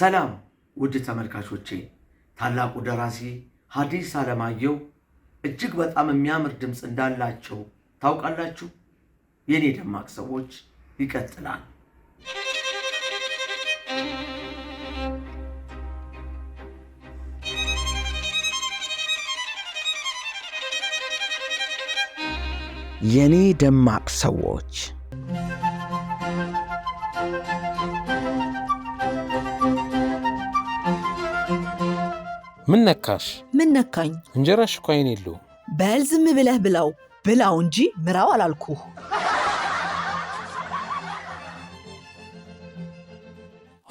ሰላም ውድ ተመልካቾቼ፣ ታላቁ ደራሲ ሐዲስ ዓለማየሁ እጅግ በጣም የሚያምር ድምፅ እንዳላቸው ታውቃላችሁ። የእኔ ደማቅ ሰዎች ይቀጥላል። የእኔ ደማቅ ሰዎች ምን ነካሽ? ምን ነካኝ? እንጀራሽ እኮ አይን የለውም። በል ዝም ብለህ ብላው ብላው እንጂ ምራው አላልኩህ።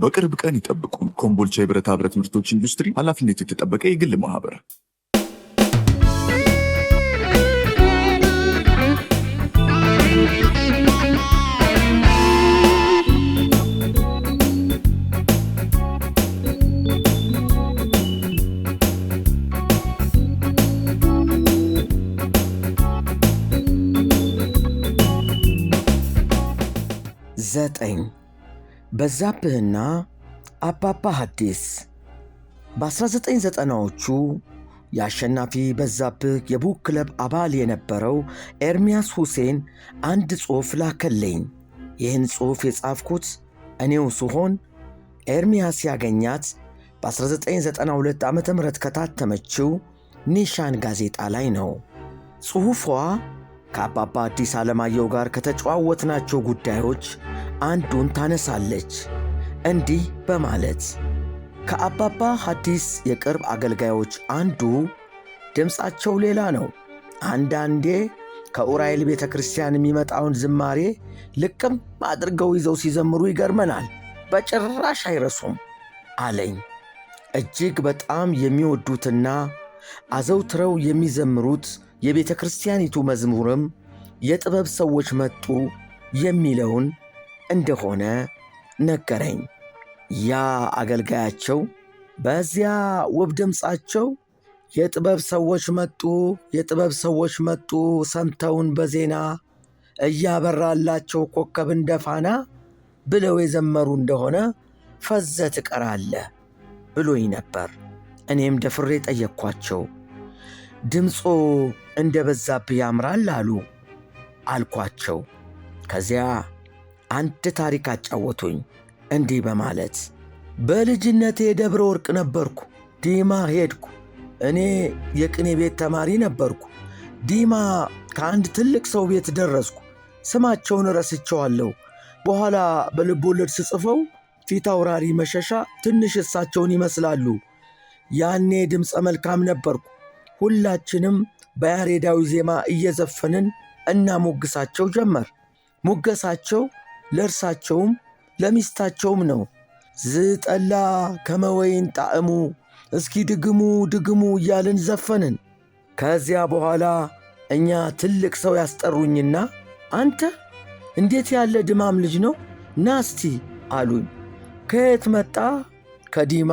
ቢኖር በቅርብ ቀን ይጠብቁ። ኮምቦልቻ የብረታ ብረት ምርቶች ኢንዱስትሪ ኃላፊነቱ የተጠበቀ የግል ማህበር ዘጠኝ በዛብህና አባባ ሐዲስ በ1990ዎቹ የአሸናፊ በዛብህ የቡክ ክለብ አባል የነበረው ኤርሚያስ ሁሴን አንድ ጽሑፍ ላከልኝ። ይህን ጽሑፍ የጻፍኩት እኔው ስሆን ኤርሚያስ ያገኛት በ1992 ዓ ም ከታተመችው ኒሻን ጋዜጣ ላይ ነው። ጽሑፏ ከአባባ አዲስ አለማየሁ ጋር ከተጨዋወትናቸው ጉዳዮች አንዱን ታነሳለች እንዲህ በማለት ከአባባ ሐዲስ የቅርብ አገልጋዮች አንዱ ድምፃቸው ሌላ ነው። አንዳንዴ ከኡራኤል ቤተ ክርስቲያን የሚመጣውን ዝማሬ ልቅም አድርገው ይዘው ሲዘምሩ ይገርመናል። በጭራሽ አይረሱም አለኝ። እጅግ በጣም የሚወዱትና አዘውትረው የሚዘምሩት የቤተ ክርስቲያኒቱ መዝሙርም የጥበብ ሰዎች መጡ የሚለውን እንደሆነ ነገረኝ። ያ አገልጋያቸው በዚያ ውብ ድምፃቸው የጥበብ ሰዎች መጡ፣ የጥበብ ሰዎች መጡ፣ ሰምተውን በዜና እያበራላቸው ኮከብ እንደፋና ብለው የዘመሩ እንደሆነ ፈዘ ትቀራለ ብሎኝ ነበር። እኔም ደፍሬ ጠየቅኳቸው። ድምፆ እንደ በዛብህ ያምራል አሉ አልኳቸው። ከዚያ አንድ ታሪክ አጫወቱኝ እንዲህ በማለት በልጅነቴ የደብረ ወርቅ ነበርኩ፣ ዲማ ሄድኩ። እኔ የቅኔ ቤት ተማሪ ነበርኩ። ዲማ ከአንድ ትልቅ ሰው ቤት ደረስኩ። ስማቸውን ረስቸዋለሁ። በኋላ ወለድ ስጽፈው ፊት አውራሪ መሸሻ ትንሽ እሳቸውን ይመስላሉ። ያኔ ድምፀ መልካም ነበርኩ። ሁላችንም በያሬዳዊ ዜማ እየዘፈንን እናሞግሳቸው ጀመር። ሙገሳቸው ለእርሳቸውም ለሚስታቸውም ነው። ዝጠላ ከመወይን ጣዕሙ እስኪ ድግሙ ድግሙ እያልን ዘፈንን። ከዚያ በኋላ እኛ ትልቅ ሰው ያስጠሩኝና አንተ እንዴት ያለ ድማም ልጅ ነው ናስቲ አሉኝ። ከየት መጣ? ከዲማ።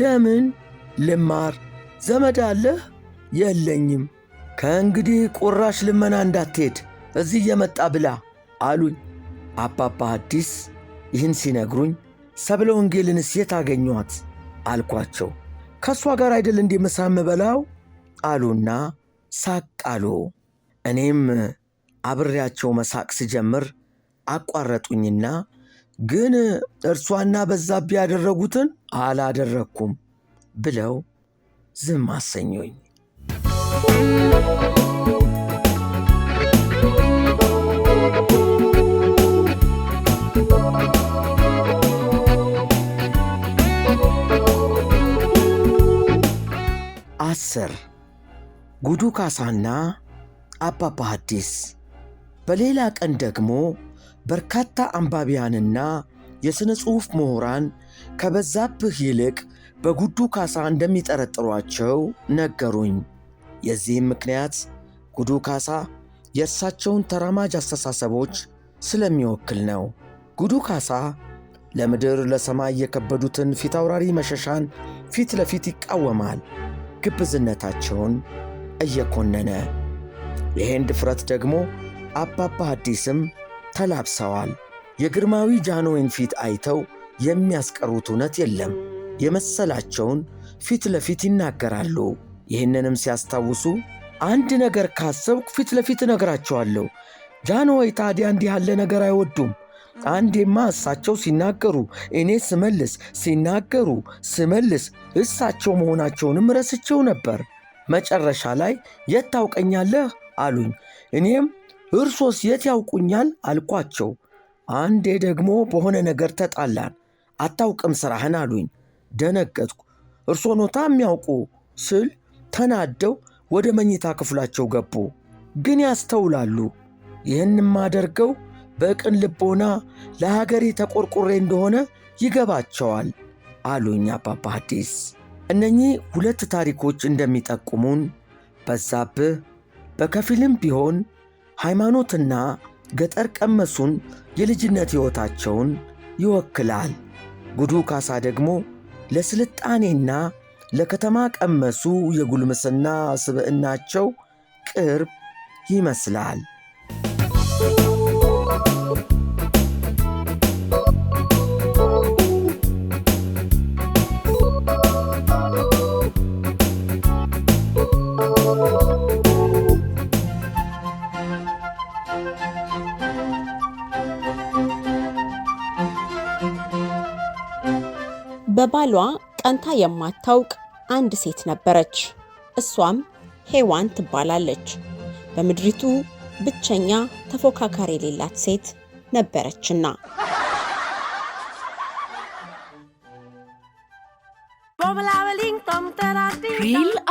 ለምን ልማር? ዘመድ አለህ? የለኝም ከእንግዲህ ቁራሽ ልመና እንዳትሄድ እዚህ እየመጣ ብላ አሉኝ። አባባ አዲስ ይህን ሲነግሩኝ ሰብለ ወንጌልን የት አገኟት አልኳቸው። ከእሷ ጋር አይደል እንዲህ ምሳ አሉና ሳቅ አሉ። እኔም አብሬያቸው መሳቅ ስጀምር አቋረጡኝና ግን እርሷና በዛብ ያደረጉትን አላደረግኩም ብለው ዝም አሰኞኝ። አስር ጉዱ ካሳና አባባ ሐዲስ። በሌላ ቀን ደግሞ በርካታ አንባቢያንና የሥነ ጽሑፍ ምሁራን ከበዛብህ ይልቅ በጉዱ ካሳ እንደሚጠረጥሯቸው ነገሩኝ። የዚህም ምክንያት ጉዱ ካሳ የእርሳቸውን ተራማጅ አስተሳሰቦች ስለሚወክል ነው። ጉዱ ካሳ ለምድር ለሰማይ የከበዱትን ፊታውራሪ መሸሻን ፊት ለፊት ይቃወማል። ግብዝነታቸውን እየኮነነ ይህን ድፍረት ደግሞ አባባ ሐዲስም ተላብሰዋል። የግርማዊ ጃንሆይን ፊት አይተው የሚያስቀሩት እውነት የለም። የመሰላቸውን ፊት ለፊት ይናገራሉ። ይህንንም ሲያስታውሱ አንድ ነገር ካሰብኩ ፊት ለፊት እነግራቸዋለሁ። ጃንሆይ ታዲያ እንዲህ ያለ ነገር አይወዱም። አንዴማ እሳቸው ሲናገሩ እኔ ስመልስ፣ ሲናገሩ ስመልስ እሳቸው መሆናቸውንም ረስቼው ነበር። መጨረሻ ላይ የት ታውቀኛለህ አሉኝ። እኔም እርሶስ የት ያውቁኛል አልኳቸው። አንዴ ደግሞ በሆነ ነገር ተጣላን። አታውቅም ስራህን አሉኝ። ደነገጥኩ። እርሶኖታ የሚያውቁ ስል ተናደው ወደ መኝታ ክፍላቸው ገቡ። ግን ያስተውላሉ። ይህን የማደርገው በቅን ልቦና ለሀገሬ ተቆርቁሬ እንደሆነ ይገባቸዋል አሉኝ አባባ ሐዲስ። እነኚህ ሁለት ታሪኮች እንደሚጠቁሙን በዛብህ በከፊልም ቢሆን ሃይማኖትና ገጠር ቀመሱን የልጅነት ሕይወታቸውን ይወክላል። ጉዱ ካሳ ደግሞ ለስልጣኔና ለከተማ ቀመሱ የጉልምስና ስብዕናቸው ቅርብ ይመስላል። ለባሏ ቀንታ የማታውቅ አንድ ሴት ነበረች። እሷም ሄዋን ትባላለች። በምድሪቱ ብቸኛ ተፎካካሪ የሌላት ሴት ነበረችና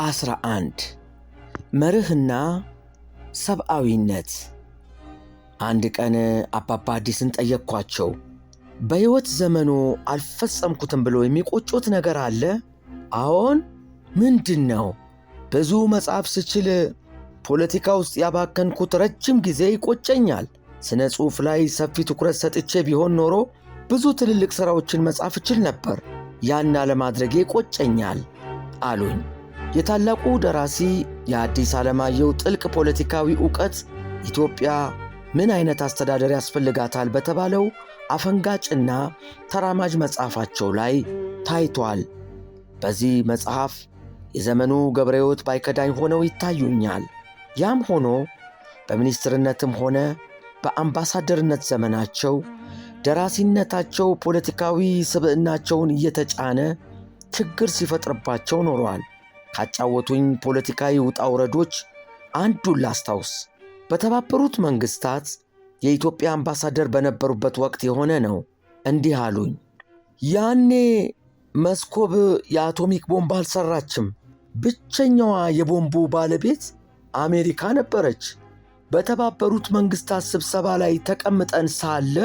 11 መርህና ሰብአዊነት። አንድ ቀን አባባ አዲስን ጠየቅኳቸው። በሕይወት ዘመኖ አልፈጸምኩትም ብሎ የሚቆጩት ነገር አለ? አዎን። ምንድን ነው? ብዙ መጽሐፍ ስችል ፖለቲካ ውስጥ ያባከንኩት ረጅም ጊዜ ይቆጨኛል። ስነ ጽሑፍ ላይ ሰፊ ትኩረት ሰጥቼ ቢሆን ኖሮ ብዙ ትልልቅ ሥራዎችን መጻፍ እችል ነበር። ያን አለማድረጌ ይቆጨኛል አሉኝ። የታላቁ ደራሲ የአዲስ ዓለማየሁ ጥልቅ ፖለቲካዊ ዕውቀት ኢትዮጵያ ምን አይነት አስተዳደር ያስፈልጋታል በተባለው አፈንጋጭና ተራማጅ መጽሐፋቸው ላይ ታይቷል። በዚህ መጽሐፍ የዘመኑ ገብረ ሕይወት ባይከዳኝ ሆነው ይታዩኛል። ያም ሆኖ በሚኒስትርነትም ሆነ በአምባሳደርነት ዘመናቸው ደራሲነታቸው ፖለቲካዊ ስብዕናቸውን እየተጫነ ችግር ሲፈጥርባቸው ኖሯል። ካጫወቱኝ ፖለቲካዊ ውጣ ውረዶች አንዱን ላስታውስ። በተባበሩት መንግስታት የኢትዮጵያ አምባሳደር በነበሩበት ወቅት የሆነ ነው። እንዲህ አሉኝ። ያኔ መስኮብ የአቶሚክ ቦምብ አልሰራችም። ብቸኛዋ የቦምቡ ባለቤት አሜሪካ ነበረች። በተባበሩት መንግስታት ስብሰባ ላይ ተቀምጠን ሳለ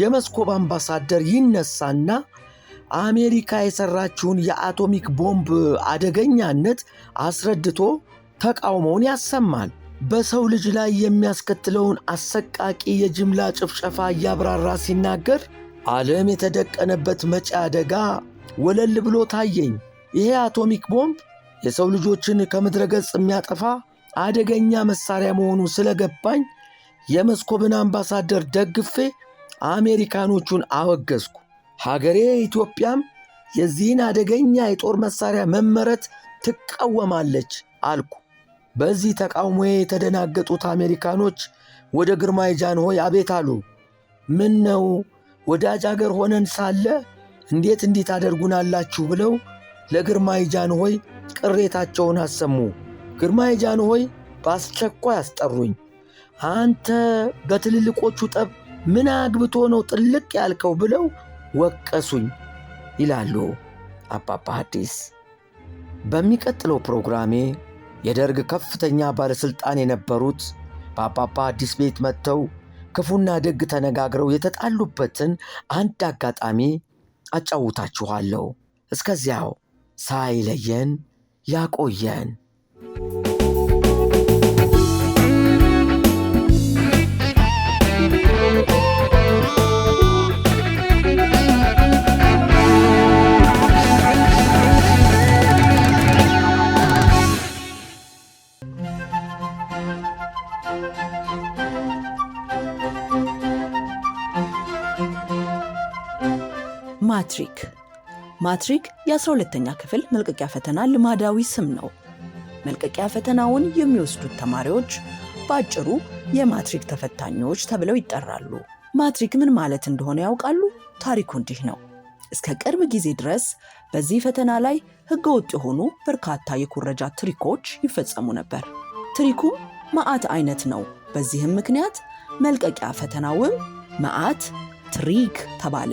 የመስኮብ አምባሳደር ይነሳና አሜሪካ የሰራችውን የአቶሚክ ቦምብ አደገኛነት አስረድቶ ተቃውሞውን ያሰማል። በሰው ልጅ ላይ የሚያስከትለውን አሰቃቂ የጅምላ ጭፍጨፋ እያብራራ ሲናገር ዓለም የተደቀነበት መጪ አደጋ ወለል ብሎ ታየኝ። ይሄ አቶሚክ ቦምብ የሰው ልጆችን ከምድረ ገጽ የሚያጠፋ አደገኛ መሳሪያ መሆኑ ስለገባኝ የመስኮብን አምባሳደር ደግፌ አሜሪካኖቹን አወገዝኩ። ሀገሬ ኢትዮጵያም የዚህን አደገኛ የጦር መሣሪያ መመረት ትቃወማለች አልኩ። በዚህ ተቃውሞዬ የተደናገጡት አሜሪካኖች ወደ ግርማይ ጃንሆይ አቤት አሉ። ምን ነው ወዳጅ አገር ሆነን ሳለ እንዴት እንዲህ ታደርጉናላችሁ? ብለው ለግርማይ ጃንሆይ ቅሬታቸውን አሰሙ። ግርማይ ጃንሆይ በአስቸኳይ አስጠሩኝ። አንተ በትልልቆቹ ጠብ ምን አግብቶ ነው ጥልቅ ያልከው? ብለው ወቀሱኝ ይላሉ አባባ ሐዲስ። በሚቀጥለው ፕሮግራሜ የደርግ ከፍተኛ ባለሥልጣን የነበሩት በአባባ ሐዲስ ቤት መጥተው ክፉና ደግ ተነጋግረው የተጣሉበትን አንድ አጋጣሚ አጫውታችኋለሁ። እስከዚያው ሳይለየን ያቆየን። ማትሪክ ማትሪክ የ12ተኛ ክፍል መልቀቂያ ፈተና ልማዳዊ ስም ነው። መልቀቂያ ፈተናውን የሚወስዱት ተማሪዎች በአጭሩ የማትሪክ ተፈታኞች ተብለው ይጠራሉ። ማትሪክ ምን ማለት እንደሆነ ያውቃሉ? ታሪኩ እንዲህ ነው። እስከ ቅርብ ጊዜ ድረስ በዚህ ፈተና ላይ ህገወጥ የሆኑ በርካታ የኩረጃ ትሪኮች ይፈጸሙ ነበር። ትሪኩም መዓት አይነት ነው። በዚህም ምክንያት መልቀቂያ ፈተናውም መዓት ትሪክ ተባለ።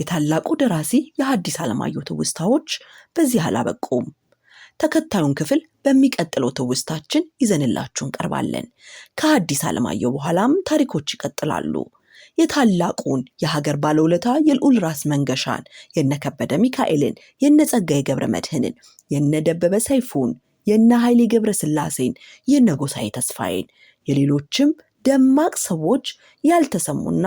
የታላቁ ደራሲ የሐዲስ ዓለማየሁ ትውስታዎች በዚህ አላበቁም። ተከታዩን ክፍል በሚቀጥለው ትውስታችን ይዘንላችሁ እንቀርባለን። ከሐዲስ ዓለማየሁ በኋላም ታሪኮች ይቀጥላሉ። የታላቁን የሀገር ባለውለታ የልዑል ራስ መንገሻን፣ የነከበደ ሚካኤልን፣ የነጸጋዬ ገብረ መድህንን፣ የነደበበ ሰይፉን፣ የነ ኃይሌ ገብረ ስላሴን፣ የነጎሳዬ ተስፋዬን፣ የሌሎችም ደማቅ ሰዎች ያልተሰሙና